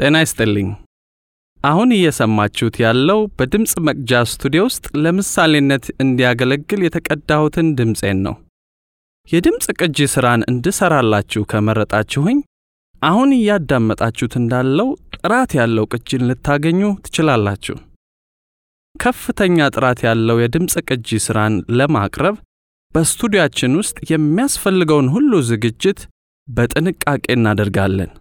ጤና ይስጥልኝ። አሁን እየሰማችሁት ያለው በድምፅ መቅጃ ስቱዲዮ ውስጥ ለምሳሌነት እንዲያገለግል የተቀዳሁትን ድምፄን ነው። የድምፅ ቅጂ ሥራን እንድሠራላችሁ ከመረጣችሁኝ አሁን እያዳመጣችሁት እንዳለው ጥራት ያለው ቅጂን ልታገኙ ትችላላችሁ። ከፍተኛ ጥራት ያለው የድምፅ ቅጂ ሥራን ለማቅረብ በስቱዲያችን ውስጥ የሚያስፈልገውን ሁሉ ዝግጅት በጥንቃቄ እናደርጋለን።